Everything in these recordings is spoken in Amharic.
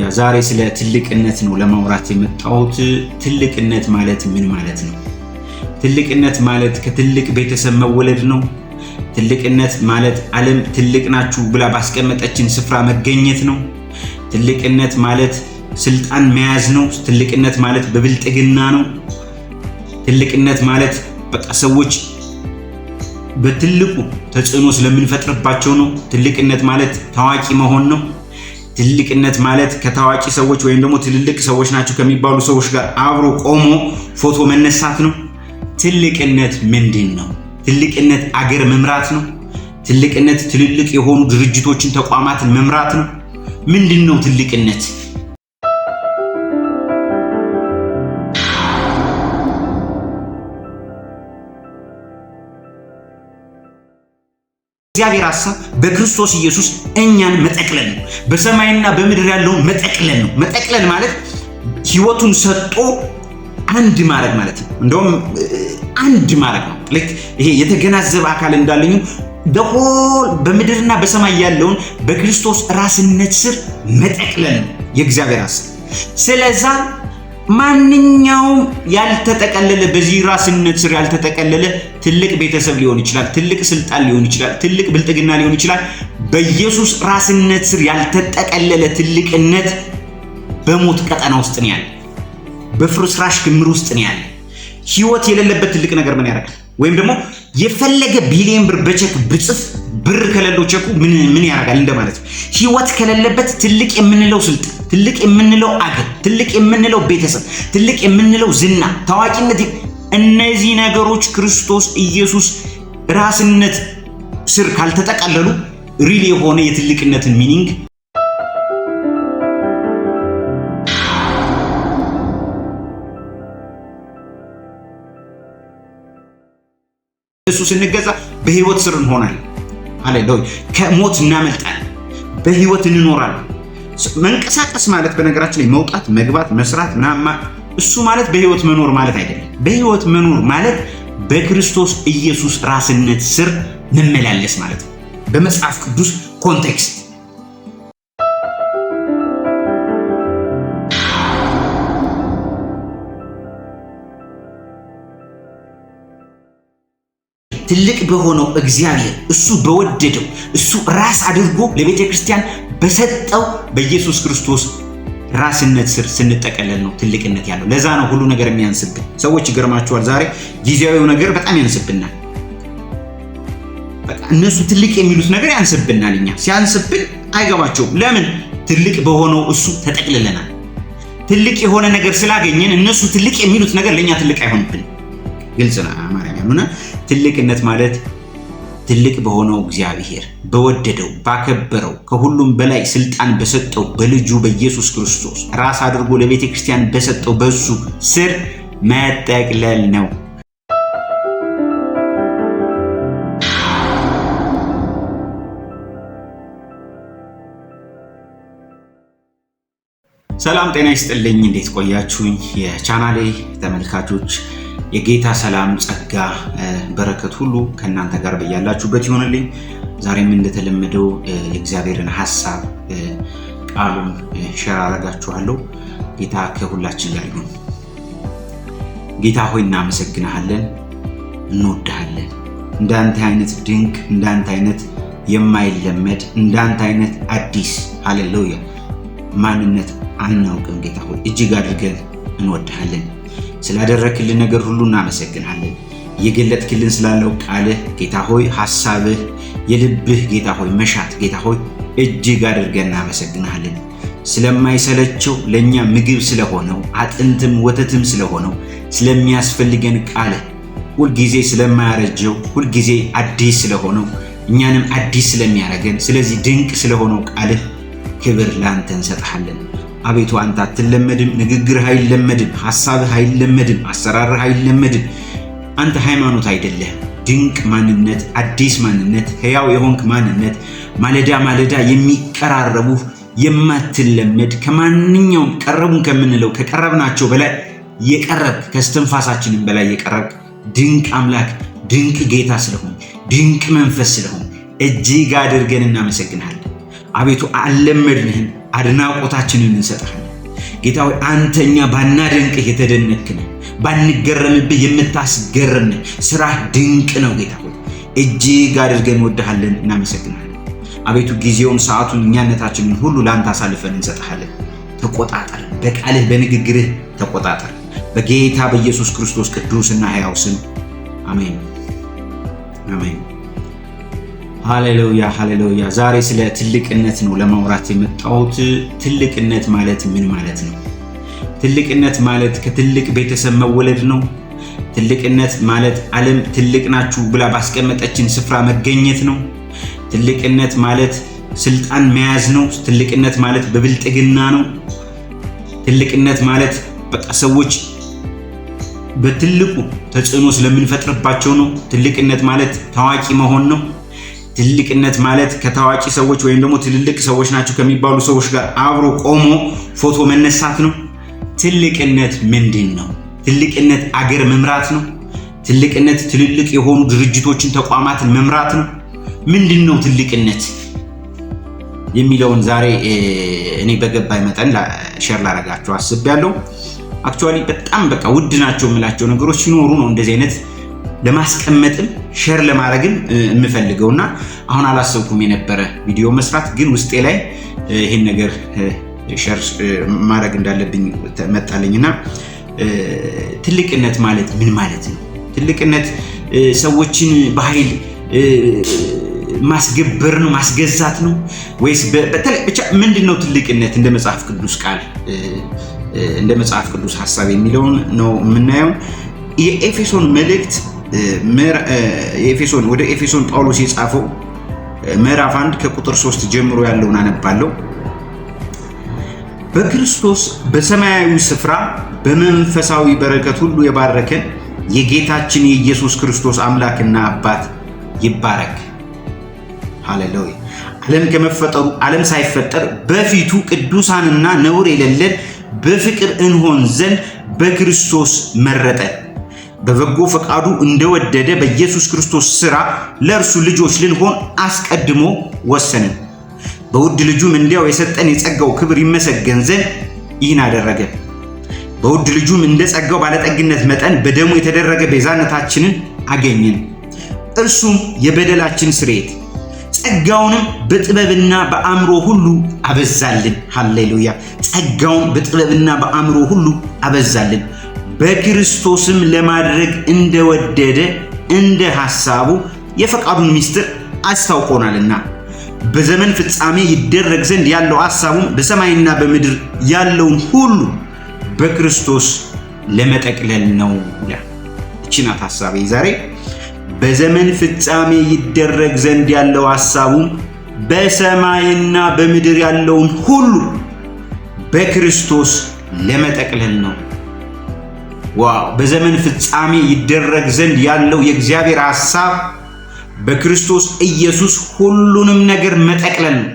ያ ዛሬ ስለ ትልቅነት ነው ለማውራት የመጣሁት። ትልቅነት ማለት ምን ማለት ነው? ትልቅነት ማለት ከትልቅ ቤተሰብ መወለድ ነው። ትልቅነት ማለት ዓለም ትልቅ ናችሁ ብላ ባስቀመጠችን ስፍራ መገኘት ነው። ትልቅነት ማለት ስልጣን መያዝ ነው። ትልቅነት ማለት በብልጥግና ነው። ትልቅነት ማለት በቃ ሰዎች በትልቁ ተጽዕኖ ስለምንፈጥርባቸው ነው። ትልቅነት ማለት ታዋቂ መሆን ነው። ትልቅነት ማለት ከታዋቂ ሰዎች ወይም ደግሞ ትልልቅ ሰዎች ናቸው ከሚባሉ ሰዎች ጋር አብሮ ቆሞ ፎቶ መነሳት ነው። ትልቅነት ምንድን ነው? ትልቅነት አገር መምራት ነው። ትልቅነት ትልልቅ የሆኑ ድርጅቶችን፣ ተቋማትን መምራት ነው። ምንድን ነው ትልቅነት? እግዚአብሔር ሐሳብ በክርስቶስ ኢየሱስ እኛን መጠቅለል ነው። በሰማይና በምድር ያለውን መጠቅለል ነው። መጠቅለል ማለት ሕይወቱን ሰጥቶ አንድ ማድረግ ማለት ነው። እንደውም አንድ ማድረግ ነው። ልክ ይሄ የተገናዘበ አካል እንዳለኝ ደሆል በምድርና በሰማይ ያለውን በክርስቶስ ራስነት ስር መጠቅለል ነው የእግዚአብሔር ሐሳብ ስለዛ ማንኛውም ያልተጠቀለለ በዚህ ራስነት ስር ያልተጠቀለለ ትልቅ ቤተሰብ ሊሆን ይችላል፣ ትልቅ ስልጣን ሊሆን ይችላል፣ ትልቅ ብልጥግና ሊሆን ይችላል። በኢየሱስ ራስነት ስር ያልተጠቀለለ ትልቅነት በሞት ቀጠና ውስጥ ነው ያለ፣ በፍርስራሽ ክምር ውስጥ ነው ያለ። ህይወት የሌለበት ትልቅ ነገር ምን ያደርጋል? ወይም ደግሞ የፈለገ ቢሊየን ብር በቼክ ብጽፍ ብር ከሌለው ቼኩ ምን ምን ያደርጋል እንደማለት ነው። ህይወት ከሌለበት ትልቅ የምንለው ስልጣን፣ ትልቅ የምንለው አገር፣ ትልቅ የምንለው ቤተሰብ፣ ትልቅ የምንለው ዝና፣ ታዋቂነት፣ እነዚህ ነገሮች ክርስቶስ ኢየሱስ ራስነት ስር ካልተጠቃለሉ ሪል የሆነ የትልቅነትን ሚኒንግ ለእሱ ስንገዛ በህይወት ስር እንሆናለን። ሃሌሉያ! ከሞት እናመልጣለን፣ በህይወት እንኖራለን። መንቀሳቀስ ማለት በነገራችን ላይ መውጣት፣ መግባት፣ መስራት ምናምን እሱ ማለት በህይወት መኖር ማለት አይደለም። በህይወት መኖር ማለት በክርስቶስ ኢየሱስ ራስነት ስር መመላለስ ማለት ነው በመጽሐፍ ቅዱስ ኮንቴክስት ትልቅ በሆነው እግዚአብሔር እሱ በወደደው እሱ ራስ አድርጎ ለቤተ ክርስቲያን በሰጠው በኢየሱስ ክርስቶስ ራስነት ስር ስንጠቀለል ነው ትልቅነት ያለው። ለዛ ነው ሁሉ ነገር የሚያንስብን። ሰዎች ይገርማቸዋል። ዛሬ ጊዜያዊው ነገር በጣም ያንስብናል። እነሱ ትልቅ የሚሉት ነገር ያንስብናል። እኛ ሲያንስብን አይገባቸውም። ለምን? ትልቅ በሆነው እሱ ተጠቅልለናል። ትልቅ የሆነ ነገር ስላገኘን እነሱ ትልቅ የሚሉት ነገር ለእኛ ትልቅ አይሆንብን። ግልጽ ነው አማርኛ እና ትልቅነት ማለት ትልቅ በሆነው እግዚአብሔር በወደደው ባከበረው ከሁሉም በላይ ስልጣን በሰጠው በልጁ በኢየሱስ ክርስቶስ ራስ አድርጎ ለቤተ ክርስቲያን በሰጠው በሱ ስር መጠቅለል ነው። ሰላም ጤና ይስጥልኝ። እንዴት ቆያችሁኝ የቻናሌ ተመልካቾች? የጌታ ሰላም ጸጋ፣ በረከት ሁሉ ከእናንተ ጋር በያላችሁበት ይሆንልኝ። ዛሬም እንደተለመደው የእግዚአብሔርን ሀሳብ ቃሉን ሸር አረጋችኋለሁ። ጌታ ከሁላችን ጋር ይሁን። ጌታ ሆይ እናመሰግንሃለን፣ እንወድሃለን። እንዳንተ አይነት ድንቅ፣ እንዳንተ አይነት የማይለመድ፣ እንዳንተ አይነት አዲስ ሃሌሉያ ማንነት አናውቅም። ጌታ ሆይ እጅግ አድርገን እንወድሃለን። ስላደረክልን ነገር ሁሉ እናመሰግናለን። የገለጥክልን ስላለው ቃልህ ጌታ ሆይ፣ ሐሳብህ የልብህ ጌታ ሆይ መሻት ጌታ ሆይ እጅግ አድርገን እናመሰግናለን። ስለማይሰለቸው ለእኛ ምግብ ስለሆነው አጥንትም ወተትም ስለሆነው ስለሚያስፈልገን ቃልህ ሁልጊዜ ስለማያረጀው ሁልጊዜ አዲስ ስለሆነው እኛንም አዲስ ስለሚያደርገን ስለዚህ ድንቅ ስለሆነው ቃልህ ክብር ላንተ እንሰጥሃለን። አቤቱ አንተ አትለመድም፣ ንግግርህ አይለመድም፣ ሐሳብህ አይለመድም፣ አሰራርህ አይለመድም። አንተ ሃይማኖት አይደለህም። ድንቅ ማንነት፣ አዲስ ማንነት፣ ሕያው የሆንክ ማንነት፣ ማለዳ ማለዳ የሚቀራረቡ የማትለመድ ከማንኛውም ቀረቡን ከምንለው ከቀረብናቸው በላይ የቀረብክ ከስትንፋሳችንም በላይ የቀረብክ ድንቅ አምላክ፣ ድንቅ ጌታ ስለሆን፣ ድንቅ መንፈስ ስለሆን እጅግ አድርገን እናመሰግናለን። አቤቱ አልለመድንህም አድናቆታችንን እንሰጣለን ጌታ ሆይ አንተኛ ባናደንቅህ የተደነክነ ባንገረምብህ የምታስገርምን ስራህ ድንቅ ነው። ጌታ ሆይ እጅግ አድርገን እንወድሃለን፣ እናመሰግናለን። አቤቱ ጊዜውን ሰዓቱን እኛነታችንን ሁሉ ለአንተ አሳልፈን እንሰጥሃለን። ተቆጣጠር፣ በቃልህ በንግግርህ ተቆጣጠር። በጌታ በኢየሱስ ክርስቶስ ቅዱስና ሕያው ስም አሜን፣ አሜን። ሃሌሉያ ሃሌሉያ። ዛሬ ስለ ትልቅነት ነው ለማውራት የመጣሁት። ትልቅነት ማለት ምን ማለት ነው? ትልቅነት ማለት ከትልቅ ቤተሰብ መወለድ ነው። ትልቅነት ማለት ዓለም ትልቅ ናችሁ ብላ ባስቀመጠችን ስፍራ መገኘት ነው። ትልቅነት ማለት ስልጣን መያዝ ነው። ትልቅነት ማለት በብልጥግና ነው። ትልቅነት ማለት በቃ ሰዎች በትልቁ ተጽዕኖ ስለምንፈጥርባቸው ነው። ትልቅነት ማለት ታዋቂ መሆን ነው። ትልቅነት ማለት ከታዋቂ ሰዎች ወይም ደግሞ ትልልቅ ሰዎች ናቸው ከሚባሉ ሰዎች ጋር አብሮ ቆሞ ፎቶ መነሳት ነው። ትልቅነት ምንድን ነው? ትልቅነት አገር መምራት ነው። ትልቅነት ትልልቅ የሆኑ ድርጅቶችን፣ ተቋማትን መምራት ነው። ምንድን ነው ትልቅነት የሚለውን ዛሬ እኔ በገባኝ መጠን ሸር ላረጋቸው አስቤያለሁ። አክቹዋሊ በጣም በቃ ውድ ናቸው የምላቸው ነገሮች ሲኖሩ ነው እንደዚህ አይነት ለማስቀመጥም ሼር ለማድረግም የምፈልገው እና አሁን አላሰብኩም የነበረ ቪዲዮ መስራት፣ ግን ውስጤ ላይ ይህን ነገር ሼር ማድረግ እንዳለብኝ መጣለኝ እና ትልቅነት ማለት ምን ማለት ነው? ትልቅነት ሰዎችን በኃይል ማስገበር ነው ማስገዛት ነው ወይስ ብቻ ምንድን ነው ትልቅነት? እንደ መጽሐፍ ቅዱስ ቃል እንደ መጽሐፍ ቅዱስ ሀሳብ የሚለውን ነው የምናየው። የኤፌሶን መልእክት ኤፌሶን ወደ ኤፌሶን ጳውሎስ የጻፈው ምዕራፍ 1 ከቁጥር 3 ጀምሮ ያለውን አነባለሁ። በክርስቶስ በሰማያዊ ስፍራ በመንፈሳዊ በረከት ሁሉ የባረከን የጌታችን የኢየሱስ ክርስቶስ አምላክና አባት ይባረክ። ሃሌሉያ። ዓለም ከመፈጠሩ ዓለም ሳይፈጠር በፊቱ ቅዱሳንና ነውር የሌለን በፍቅር እንሆን ዘንድ በክርስቶስ መረጠን። በበጎ ፈቃዱ እንደወደደ በኢየሱስ ክርስቶስ ሥራ ለእርሱ ልጆች ልንሆን አስቀድሞ ወሰንን። በውድ ልጁም እንዲያው የሰጠን የጸጋው ክብር ይመሰገን ዘንድ ይህን አደረገ። በውድ ልጁም እንደ ጸጋው ባለጠግነት መጠን በደሙ የተደረገ ቤዛነታችንን አገኘን፣ እርሱም የበደላችን ስርየት። ጸጋውንም በጥበብና በአእምሮ ሁሉ አበዛልን። ሃሌሉያ! ጸጋውን በጥበብና በአእምሮ ሁሉ አበዛልን። በክርስቶስም ለማድረግ እንደወደደ እንደ ሐሳቡ የፈቃዱን ምስጢር አስታውቆናልና በዘመን ፍጻሜ ይደረግ ዘንድ ያለው ሐሳቡም በሰማይና በምድር ያለውን ሁሉ በክርስቶስ ለመጠቅለል ነው እችናት ሐሳቤ ዛሬ። በዘመን ፍጻሜ ይደረግ ዘንድ ያለው ሐሳቡም በሰማይና በምድር ያለውን ሁሉ በክርስቶስ ለመጠቅለል ነው። በዘመን ፍጻሜ ይደረግ ዘንድ ያለው የእግዚአብሔር ሐሳብ በክርስቶስ ኢየሱስ ሁሉንም ነገር መጠቅለል ነው።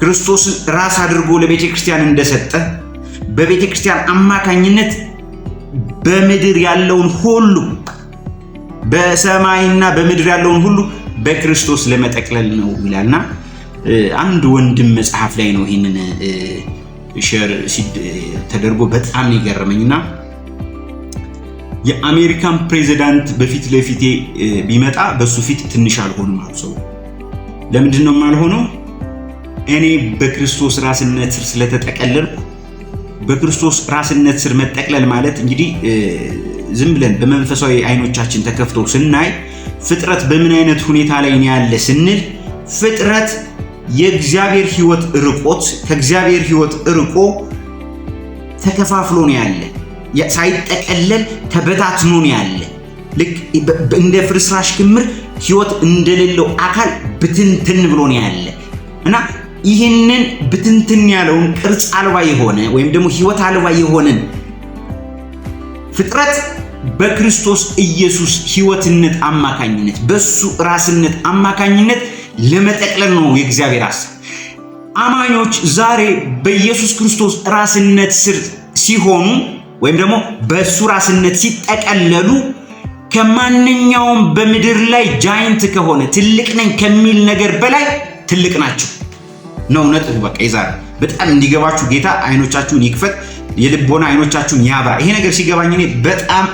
ክርስቶስን ራስ አድርጎ ለቤተ ክርስቲያን እንደሰጠ በቤተ ክርስቲያን አማካኝነት በምድር ያለውን ሁሉ በሰማይና በምድር ያለውን ሁሉ በክርስቶስ ለመጠቅለል ነው ይላልና አንድ ወንድም መጽሐፍ ላይ ነው ይህንን ሼር ተደርጎ በጣም የገረመኝና የአሜሪካን ፕሬዚዳንት በፊት ለፊቴ ቢመጣ በሱ ፊት ትንሽ አልሆንም። አብሰው ለምንድን ነው የማልሆነው? እኔ በክርስቶስ ራስነት ስር ስለተጠቀለልኩ። በክርስቶስ ራስነት ስር መጠቅለል ማለት እንግዲህ ዝም ብለን በመንፈሳዊ አይኖቻችን ተከፍቶ ስናይ ፍጥረት በምን አይነት ሁኔታ ላይ ነው ያለ ስንል ፍጥረት የእግዚአብሔር ሕይወት ርቆት ከእግዚአብሔር ሕይወት ርቆ ተከፋፍሎ ነው ያለ ሳይጠቀለል ተበታትኖን ያለ ልክ እንደ ፍርስራሽ ክምር ህይወት እንደሌለው አካል ብትንትን ብሎን ያለ እና ይህንን ብትንትን ያለውን ቅርጽ አልባ የሆነ ወይም ደግሞ ህይወት አልባ የሆነን ፍጥረት በክርስቶስ ኢየሱስ ህይወትነት አማካኝነት በሱ ራስነት አማካኝነት ለመጠቅለል ነው የእግዚአብሔር ሐሳብ። አማኞች ዛሬ በኢየሱስ ክርስቶስ ራስነት ስር ሲሆኑ ወይም ደግሞ በእሱ ራስነት ሲጠቀለሉ ከማንኛውም በምድር ላይ ጃይንት ከሆነ ትልቅ ነኝ ከሚል ነገር በላይ ትልቅ ናቸው ነው ነጥቡ። በቃ የዛሬ በጣም እንዲገባችሁ ጌታ አይኖቻችሁን ይክፈት፣ የልቦና አይኖቻችሁን ያብራ። ይሄ ነገር ሲገባኝ እኔ በጣም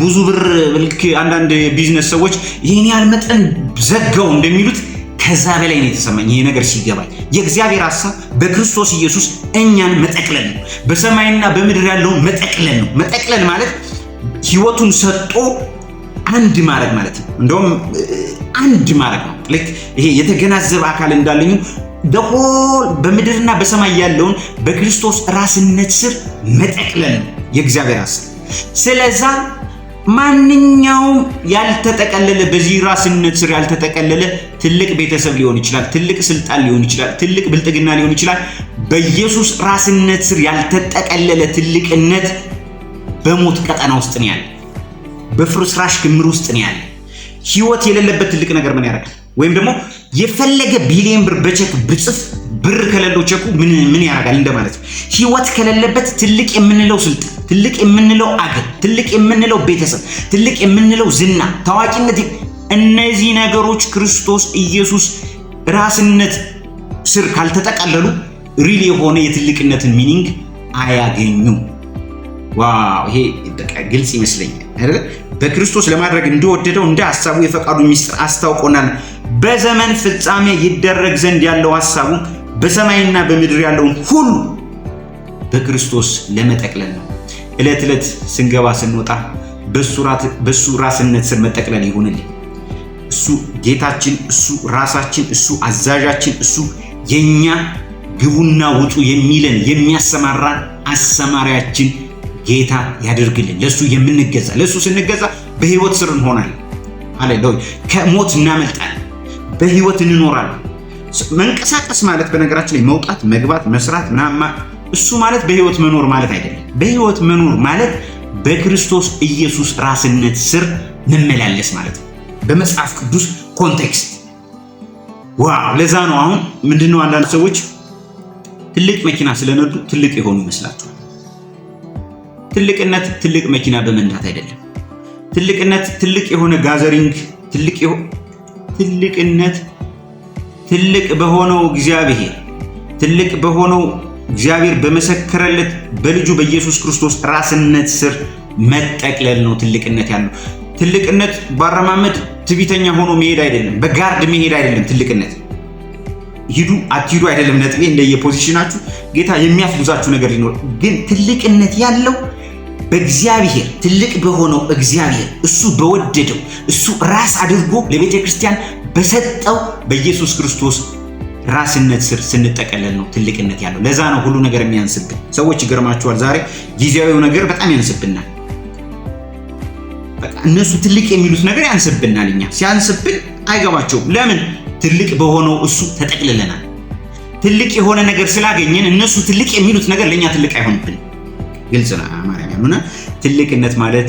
ብዙ ብር ልክ አንዳንድ ቢዝነስ ሰዎች ይህን ያህል መጠን ዘጋው እንደሚሉት ከዛ በላይ ነው የተሰማኝ ይሄ ነገር ሲገባኝ የእግዚአብሔር ሐሳብ በክርስቶስ ኢየሱስ እኛን መጠቅለል ነው። በሰማይና በምድር ያለውን መጠቅለል ነው። መጠቅለል ማለት ህይወቱን ሰጥቶ አንድ ማድረግ ማለት ነው። እንደውም አንድ ማድረግ ነው። ልክ ይሄ የተገናዘበ አካል እንዳለኝ ደሆል በምድርና በሰማይ ያለውን በክርስቶስ ራስነት ስር መጠቅለል ነው የእግዚአብሔር ሐሳብ ስለዛ ማንኛውም ያልተጠቀለለ በዚህ ራስነት ስር ያልተጠቀለለ ትልቅ ቤተሰብ ሊሆን ይችላል፣ ትልቅ ስልጣን ሊሆን ይችላል፣ ትልቅ ብልጥግና ሊሆን ይችላል። በኢየሱስ ራስነት ስር ያልተጠቀለለ ትልቅነት በሞት ቀጠና ውስጥ ነው ያለ፣ በፍርስራሽ ክምር ውስጥ ነው ያለ። ህይወት የሌለበት ትልቅ ነገር ምን ያደርጋል? ወይም ደግሞ የፈለገ ቢሊየን ብር በቼክ ብጽፍ ብር ከሌለው ቼኩ ምን ምን ያደርጋል እንደማለት ነው። ህይወት ከሌለበት ትልቅ የምንለው ስልጣን፣ ትልቅ የምንለው አገር፣ ትልቅ የምንለው ቤተሰብ፣ ትልቅ የምንለው ዝና፣ ታዋቂነት፣ እነዚህ ነገሮች ክርስቶስ ኢየሱስ ራስነት ስር ካልተጠቃለሉ ሪል የሆነ የትልቅነትን ሚኒንግ አያገኙም። ዋው ይሄ በቃ ግልጽ ይመስለኛል አይደል? በክርስቶስ ለማድረግ እንደወደደው እንደ ሐሳቡ የፈቃዱ ሚስጥር አስታውቆናል። በዘመን ፍጻሜ ይደረግ ዘንድ ያለው ሐሳቡ በሰማይና በምድር ያለውን ሁሉ በክርስቶስ ለመጠቅለል ነው። ዕለት ዕለት ስንገባ ስንወጣ በእሱ ራስነት ስር መጠቅለል ይሆንልኝ። እሱ ጌታችን፣ እሱ ራሳችን፣ እሱ አዛዣችን፣ እሱ የኛ ግቡና ውጡ የሚለን የሚያሰማራን አሰማሪያችን ጌታ ያደርግልን። ለእሱ የምንገዛ ለእሱ ስንገዛ በህይወት ስር እንሆናለን አለ። ከሞት እናመልጣለን፣ በህይወት እንኖራለን። መንቀሳቀስ ማለት በነገራችን ላይ መውጣት፣ መግባት፣ መስራት ምናምን እሱ ማለት በህይወት መኖር ማለት አይደለም። በህይወት መኖር ማለት በክርስቶስ ኢየሱስ ራስነት ስር መመላለስ ማለት ነው፣ በመጽሐፍ ቅዱስ ኮንቴክስት። ዋው! ለዛ ነው አሁን ምንድነው አንዳንድ ሰዎች ትልቅ መኪና ስለነዱ ትልቅ የሆኑ ይመስላቸዋል። ትልቅነት ትልቅ መኪና በመንዳት አይደለም። ትልቅነት ትልቅ የሆነ ጋዘሪንግ ትልቅ ትልቅነት ትልቅ በሆነው እግዚአብሔር ትልቅ በሆነው እግዚአብሔር በመሰከረለት በልጁ በኢየሱስ ክርስቶስ ራስነት ስር መጠቅለል ነው ትልቅነት ያለው። ትልቅነት ባረማመድ ትቢተኛ ሆኖ መሄድ አይደለም፣ በጋርድ መሄድ አይደለም። ትልቅነት ሂዱ አትሂዱ አይደለም ነጥቤ። እንደየፖዚሽናችሁ ጌታ የሚያስጉዛችሁ ነገር ሊኖር ግን ትልቅነት ያለው በእግዚአብሔር ትልቅ በሆነው እግዚአብሔር እሱ በወደደው እሱ ራስ አድርጎ ለቤተ ክርስቲያን በሰጠው በኢየሱስ ክርስቶስ ራስነት ስር ስንጠቀለል ነው ትልቅነት ያለው። ለዛ ነው ሁሉ ነገር የሚያንስብን። ሰዎች ይገርማቸዋል። ዛሬ ጊዜያዊው ነገር በጣም ያንስብናል። እነሱ ትልቅ የሚሉት ነገር ያንስብናል። እኛ ሲያንስብን አይገባቸውም። ለምን? ትልቅ በሆነው እሱ ተጠቅልለናል። ትልቅ የሆነ ነገር ስላገኘን እነሱ ትልቅ የሚሉት ነገር ለእኛ ትልቅ አይሆንብን። ግልጽ ነው አማርኛ ያሉና ትልቅነት ማለት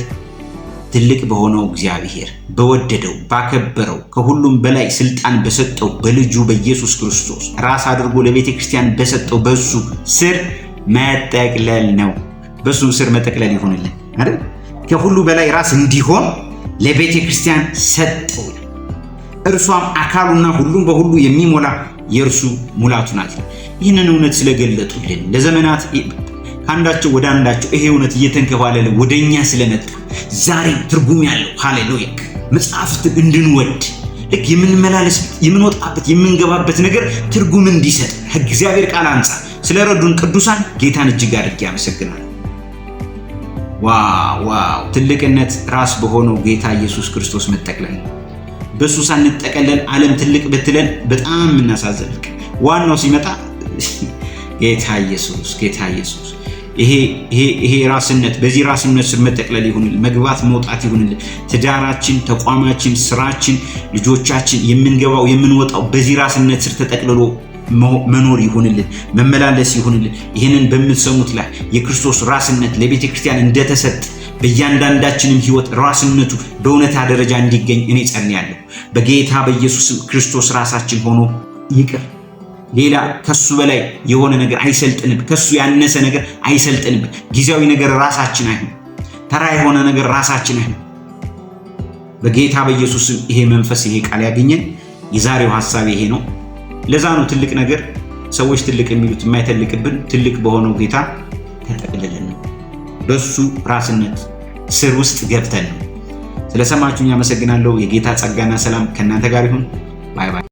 ትልቅ በሆነው እግዚአብሔር በወደደው ባከበረው ከሁሉም በላይ ስልጣን በሰጠው በልጁ በኢየሱስ ክርስቶስ ራስ አድርጎ ለቤተ ክርስቲያን በሰጠው በሱ ስር መጠቅለል ነው። በሱ ስር መጠቅለል ይሆንልን አይደል? ከሁሉ በላይ ራስ እንዲሆን ለቤተ ክርስቲያን ሰጠው። እርሷም አካሉና ሁሉም በሁሉ የሚሞላ የእርሱ ሙላቱ ናት። ይህንን እውነት ስለገለጡልን ለዘመናት አንዳቸው ወደ አንዳቸው ይሄ እውነት እየተንከባለለ ወደኛ ስለመጣ ዛሬ ትርጉም ያለው ሃሌሉያ መጽሐፍትን እንድንወድ ልክ የምንመላለስ የምንወጣበት የምንገባበት ነገር ትርጉም እንዲሰጥ እግዚአብሔር ቃል አንጻር ስለረዱን ቅዱሳን ጌታን እጅግ አድርጌ አመሰግናለሁ። ዋው ዋው! ትልቅነት ራስ በሆነው ጌታ ኢየሱስ ክርስቶስ መጠቅለን በእሱ ሳንጠቀለን ዓለም ትልቅ ብትለን በጣም የምናሳዝን ዋናው ሲመጣ ጌታ ኢየሱስ ጌታ ኢየሱስ ይሄ ራስነት በዚህ ራስነት ስር መጠቅለል ይሁንል፣ መግባት መውጣት ይሁንል። ትዳራችን፣ ተቋማችን፣ ስራችን፣ ልጆቻችን የምንገባው የምንወጣው በዚህ ራስነት ስር ተጠቅልሎ መኖር ይሁንልን፣ መመላለስ ይሁንልን። ይህንን በምትሰሙት ላይ የክርስቶስ ራስነት ለቤተ ክርስቲያን እንደተሰጥ በእያንዳንዳችንም ህይወት ራስነቱ በእውነታ ደረጃ እንዲገኝ እኔ ጸልያለሁ። በጌታ በኢየሱስም ክርስቶስ ራሳችን ሆኖ ይቅር ሌላ ከሱ በላይ የሆነ ነገር አይሰልጥንብ፣ ከሱ ያነሰ ነገር አይሰልጥንብ። ጊዜያዊ ነገር ራሳችን አይሁን፣ ተራ የሆነ ነገር ራሳችን አይሁን። በጌታ በኢየሱስም ይሄ መንፈስ ይሄ ቃል ያገኘን። የዛሬው ሐሳብ ይሄ ነው። ለዛ ነው ትልቅ ነገር ሰዎች ትልቅ የሚሉት የማይተልቅብን ትልቅ በሆነው ጌታ ተጠቅልልን ነው በሱ ራስነት ስር ውስጥ ገብተን ነው። ስለሰማችሁኝ አመሰግናለሁ። የጌታ ጸጋና ሰላም ከእናንተ ጋር ይሁን። ባይ ባይ።